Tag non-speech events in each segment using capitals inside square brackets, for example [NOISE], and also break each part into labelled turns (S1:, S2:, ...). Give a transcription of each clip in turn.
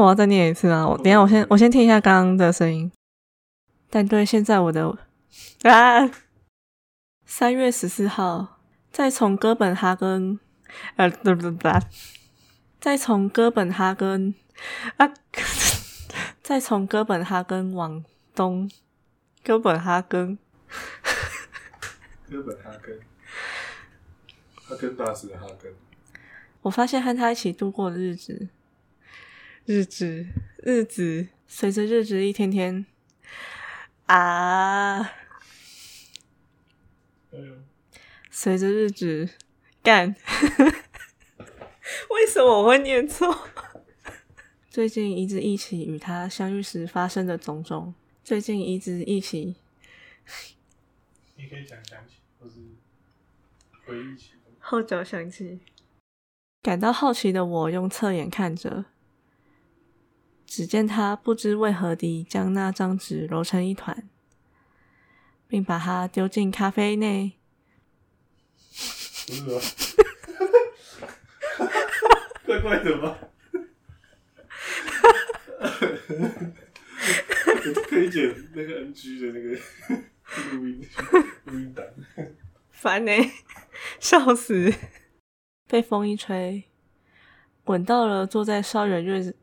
S1: 我要再念一次啊！我等一下我先我先聽一下剛剛的聲音。但對，現在我的啊，三月十四號，再從哥，呃呃呃呃呃、哥本哈根，啊，對 [LAUGHS] 對，再從哥本哈根啊，再從哥本哈根往東，哥本哈根，哥本哈根，哈根大寫的哈根，我發現和他一起度過的日子。日子，日子，隨着日子一天天啊，隨着哦、日子干， [LAUGHS] 為什麼我會念錯？ [LAUGHS] 最近一直憶起與他相遇時發生的種種。最近一直憶起，你可以講想起，或是回憶起。後腳想起，感到好奇的我用側眼看着。只見他不知為何地將那張紙揉成一團，並把它丟進咖啡內。不是啊哈哈哈哈哈哈！ [LAUGHS] [LAUGHS] [LAUGHS] 怪怪的嗎？哈哈哈哈哈哈！可以剪那個 NG 的那個錄音錄音檔。煩、那、誒、個 [LAUGHS] [LAUGHS] 烏雲蛋笑欸！笑死！ [LAUGHS] 被風一吹，滾到了坐在燒人瑞。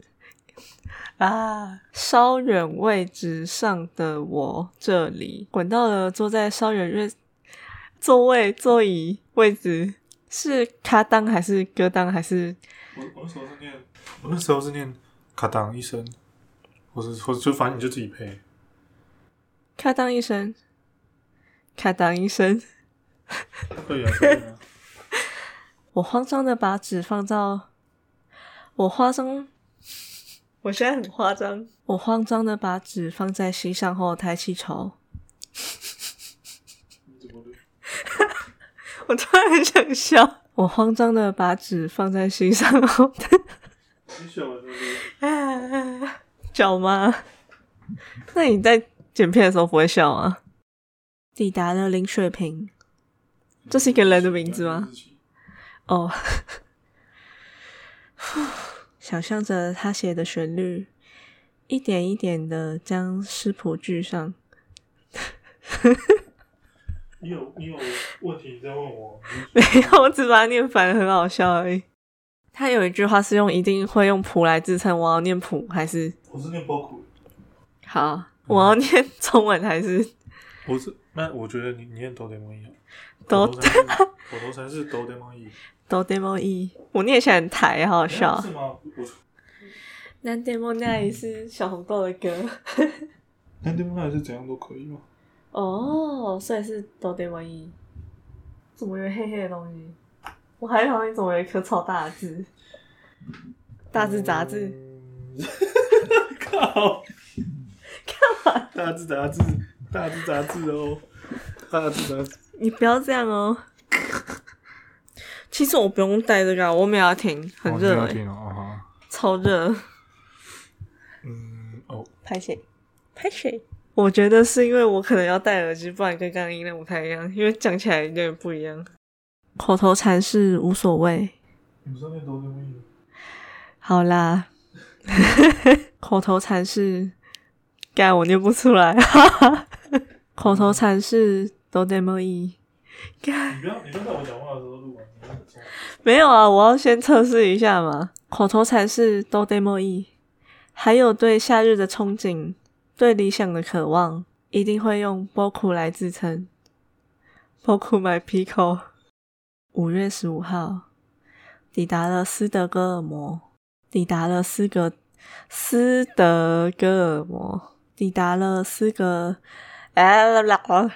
S1: 啊！稍遠位置上的我，這裡滾到了坐在稍遠位座位座椅位置，是咔當還是咯當還是？我我那時候是念，我那時候是念咔當一聲，或是或者就反正你就自己配，咔當一聲，咔當一聲。 [LAUGHS] [LAUGHS] 我慌張的把紙放到我花生。我現在很花張。我慌張的把紙放在心上後抬起頭。 [LAUGHS] 我突然想笑。我慌張的把紙放在心上後。你笑嗎？哎哎哎！笑嗎？那你在剪片的時候不會笑啊？ [LAUGHS] 抵達了林水，林水平，這是一個人的名字嗎？哦。 [LAUGHS] 想象着他寫的旋律，一點一點的將詩譜句上。 [LAUGHS] 你有你有問題在問我你？沒有，我只把它念反了，很好笑而、欸、已。他有一句話是用一定會用譜來支撐，我要念譜還是？我是念波譜。好、嗯，我要念中文還是？不是，那我覺得你你念都爹摸易，都爹，口是，是都爹摸易どうでもいい，我念起來很台，好，好笑。なんでもない也是小紅豆的歌。なんでもない也是怎樣都可以嗎？哦、oh，所以是どうでもいい。怎麼有黑黑的東西？我還好，你怎麼有一顆超大的痣，大誌雜誌。哈哈哈！ [LAUGHS] 靠！幹 [LAUGHS] 嘛？大誌雜誌，大誌雜誌哦，大誌雜誌。你不要這樣哦。其實我不用戴這個、啊，我們要停很熱、欸哦哦哦，超熱。嗯哦，拍誰拍誰，我覺得是因為我可能要戴耳機，不然跟剛剛音量不太一樣，因為講起來有點不一樣。口頭禪是無所謂 -E。好啦， [LAUGHS] 口頭禪是，該我念不出來， [LAUGHS] 口頭禪是、嗯、都爹摸易該你不要，你不要在我講話的時候錄啊。沒有啊，我要先測試一下嘛。口頭禪是都爹摸易，還有對夏日的憧憬，對理想的渴望，一定會用 Boku 來支撐“波庫”來自稱，“波庫 my pico”。五月十五號，抵達了斯德哥爾摩，抵達了斯格斯德哥爾摩，抵達了斯格，哎、啊，老了，了，了，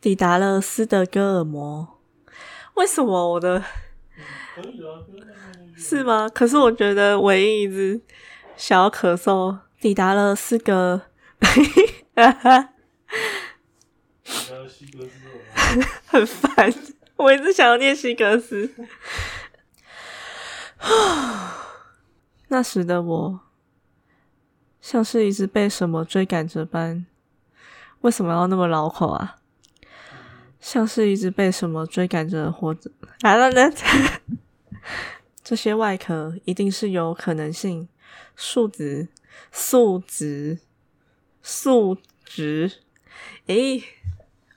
S1: 抵達了斯德哥爾摩。為什麼我的？是嗎？可是我覺得唯一一只想要咳嗽抵達了四個，哈哈，很煩。我一直想要念希格斯。啊， [LAUGHS] 那時的我像是一直被什麼追趕着般，為什麼要那麼繞口啊？像是一直被什麼追趕着活着，I don't know。這些外殼一定是有可能性數值，數值，數值。哎、欸，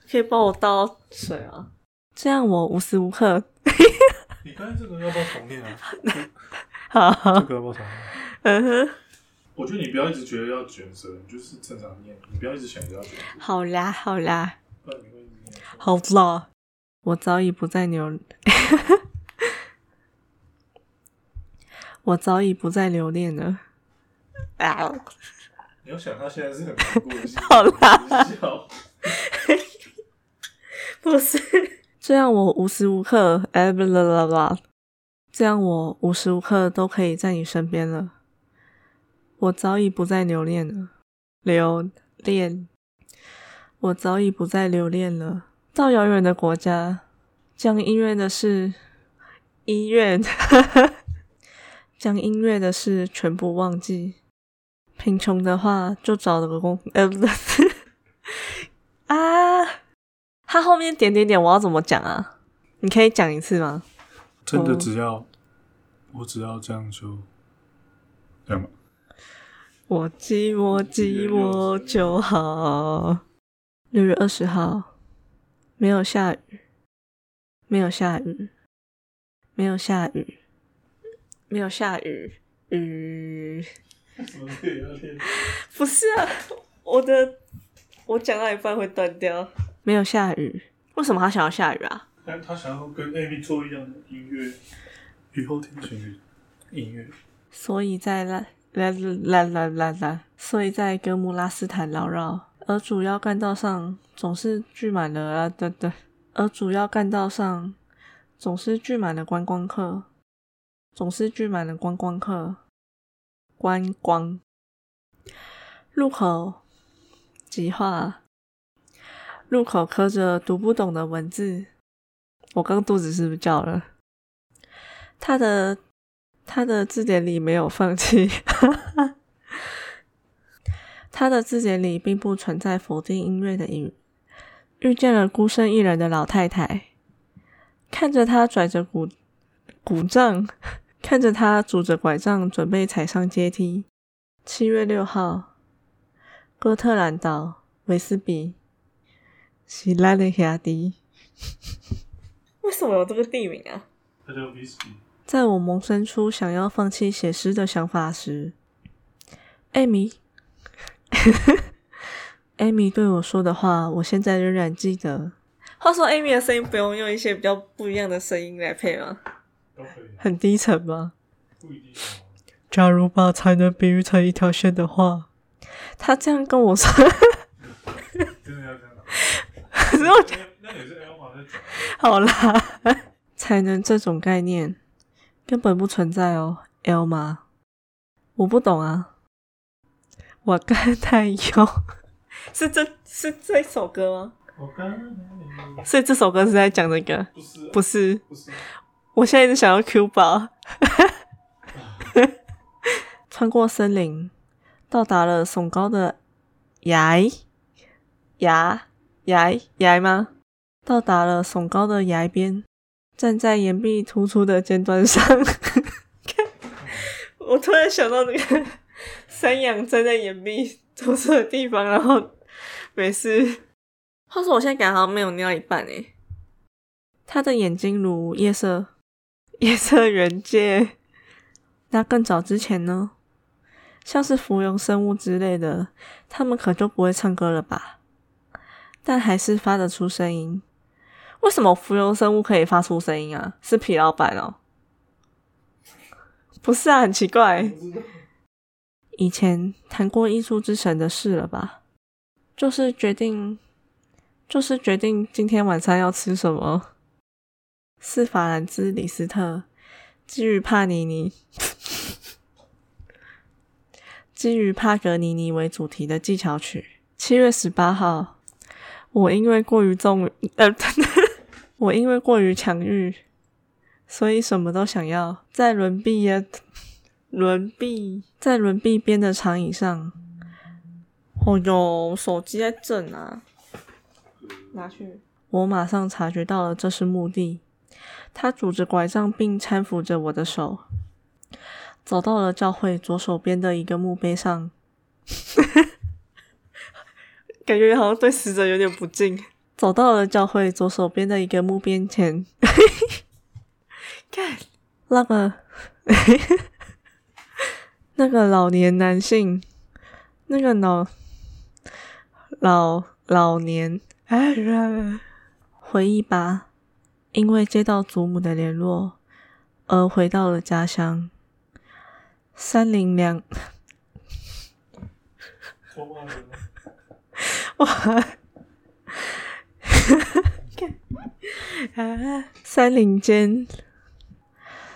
S1: 可以幫我倒水啊？這樣我無時無刻。你剛才這個要不要重念啊？ [LAUGHS] 好，這個要不要重念。 [LAUGHS] 嗯哼，我覺得你不要一直覺得要捲舌，你就是正常念。你不要一直想着要捲舌。好啦，好啦。 [LAUGHS] 好啦，我早已不再留， [LAUGHS] 我早已不再留戀了。 [LAUGHS] 你有想到現在是很難過， [LAUGHS] 好啦拉， [LAUGHS] 不是 [LAUGHS] 這樣，我無時無刻， [LAUGHS] 這樣我無時無刻都可以在你身邊了。我早已不再留戀了，留戀。我早已不再留戀了。到遙遠的國家，講音樂的事，醫院哈哈，將音樂的事全部忘記。貧窮的話，就找了個公呃，欸、不是啊，他後面點點點，我要怎麼講啊？你可以講一次嗎？真的，只要、Oh, 我只要這樣就這樣吧。我寂寞，寂寞就好。六月二十號，沒有下雨，沒有下雨，沒有下雨，沒有下雨，雨、嗯。麼天、啊天啊、 [LAUGHS] 不是啊，我的，我講到一半會斷掉。沒有下雨，為什麼他想要下雨啊？他他想要跟 a 米做一樣的音樂，雨後聽旋律音樂。所以在在拉在拉在拉，所以在格穆拉斯坦牢繞。而主要幹道上總是聚滿了啊，對對，而主要幹道上總是聚滿了觀光客，總是聚滿了觀光客。觀光入口即化，入口刻着讀不懂的文字。我剛肚子是不是叫了？他的他的字典裡沒有放棄。哈哈他的字典裡並不存在否定音樂的隱喻。遇見了孤身一人的老太太，看着他拽着鼓鼓杖，看着他拄着拐杖，準備踩上階梯。七月六號，哥特蘭島，維斯比，希拉的亞迪。 [LAUGHS] 為什麼有這個地名啊？在我萌生出想要放棄寫詩的想法時，艾米。艾 [LAUGHS] 米對我說的話，我現在仍然記得。話說，艾米的聲音不用用一些比較不一樣的聲音來配嗎？啊？很低沉嗎？不一定，啊。假如把才能比喻成一條線的話， [LAUGHS] 他這樣跟我說。 [LAUGHS] [LAUGHS] 真的要這樣、啊、 [LAUGHS] [LAUGHS] [LAUGHS] 好啦， [LAUGHS] 才能這種概念根本不存在哦，艾瑪，我不懂啊。我剛才有 [LAUGHS] 是，是這是這首歌嗎？我剛所以這首歌是在講那個不？不是，不是。我現在一直想要 Q 寶。 [LAUGHS] 穿過森林，到達了聳高的崖崖崖崖嗎？到達了聳高的崖邊，站在岩壁突出的尖端上。 [LAUGHS] 我突然想到那個。 [LAUGHS] 山羊站在岩壁突出的地方，然後沒事。話說，我現在感覺好像沒有尿一半哎。他的眼睛如夜色，夜色原界。那更早之前呢？像是浮游生物之類的，他們可就不會唱歌了吧？但還是發得出聲音。為什麼浮游生物可以發出聲音啊？是皮老闆哦？ [LAUGHS] 不是啊，很奇怪。 [LAUGHS] 以前談過藝術之神的事了吧？就是決定，就是決定今天晚上要吃什麼。是法蘭茲李斯特基於帕尼尼 [LAUGHS] 基於帕格尼尼為主題的技巧曲。七月十八號，我因為過於重呃， [LAUGHS] 我因為過於強欲，所以什麼都想要。在倫畢業。輪臂在輪臂邊的長椅上，哦喲，手機在震啊！拿去。我馬上察覺到了這是墓地。他拄着拐杖，並攙扶着我的手，走到了教會左手邊的一個墓碑上。 [LAUGHS] 感覺好像對死者有點不敬。 [LAUGHS] 走到了教會左手邊的一個墓碑前，看那個。 [LAUGHS] 那個老年男性，那個老老老年，啊，回憶吧，因為接到祖母的聯絡而回到了家鄉。山林涼，哇，哈哈，山林間，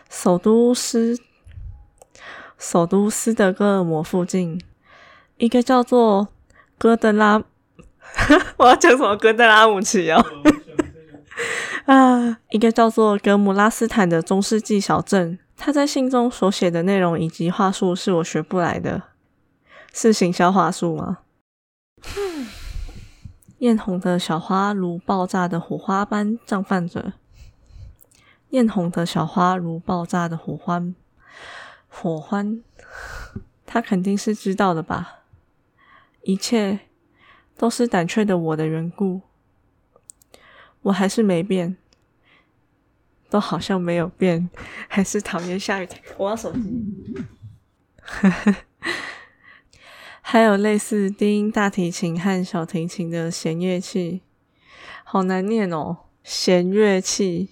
S1: 首都師。首都斯德哥爾摩附近，一個叫做哥德拉， [LAUGHS] 我要講什麼？哥德拉姆齊哦， [LAUGHS] 啊，一個叫做格姆拉斯坦的中世紀小鎮。他在信中所寫的內容以及話術是我學不來的，是行銷話術嗎？豔 [LAUGHS] 紅的小花如爆炸的火花般綻放着，豔紅的小花如爆炸的火花般。火歡，他肯定是知道的吧？一切都是膽怯的我的緣故，我還是沒變，都好像沒有變，還是討厭下雨天。我要手機。 [LAUGHS] 還有類似低音大提琴和小提琴的弦樂器，好難念哦，弦樂器。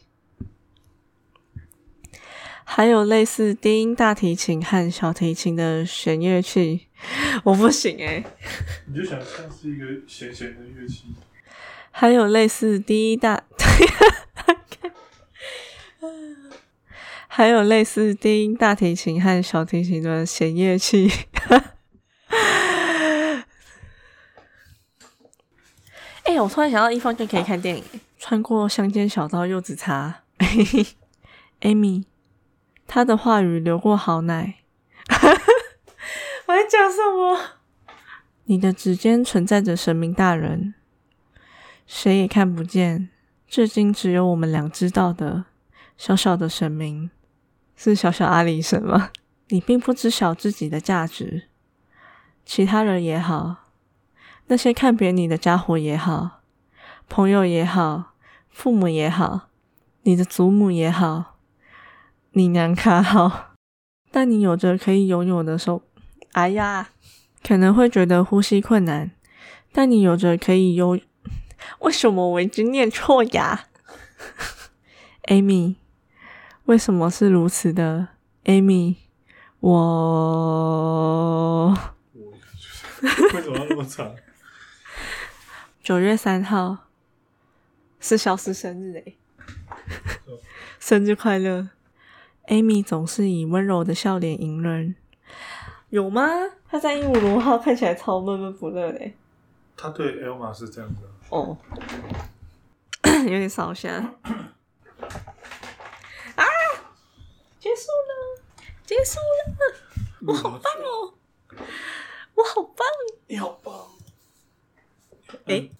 S1: 還有類似低音大提琴和小提琴的弦樂器，我不行哎、欸。你就想像是一個弦弦的樂器。還有類似低音大， [LAUGHS] 還有類似低音大提琴和小提琴的弦樂器。哎、 [LAUGHS] 欸，我突然想到，一方就可以看電影，啊《穿過鄉間小道柚子茶。》 [LAUGHS] Amy 他的話語流過好奶， [LAUGHS] 我在講什麼？你的指尖存在着神明大人，誰也看不見，至今只有我們倆知道的小小的神明，是小小阿里什麼？你並不知曉自己的價值，其他人也好，那些看扁你的傢伙也好，朋友也好，父母也好，你的祖母也好。你娘卡好，但你有着可以擁有的手。哎呀，可能會覺得呼吸困難，但你有着可以擁。為什麼我一直念錯呀 [LAUGHS] ？Amy，為什麼是如此的？Amy，我， [LAUGHS] 我。為什麼要那麼長？九 [LAUGHS] 月三號是小司生日哎， [LAUGHS] 生日快樂。Amy 總是以溫柔的笑臉迎人，有嗎？他在鸚鵡螺號看起來超悶悶不樂的、欸、他對 Elma 是這樣子哦、啊 oh. [COUGHS] 有點掃興 [COUGHS] 啊！結束了，結束了，我好棒哦、喔，我好棒，你好棒，哎、嗯。欸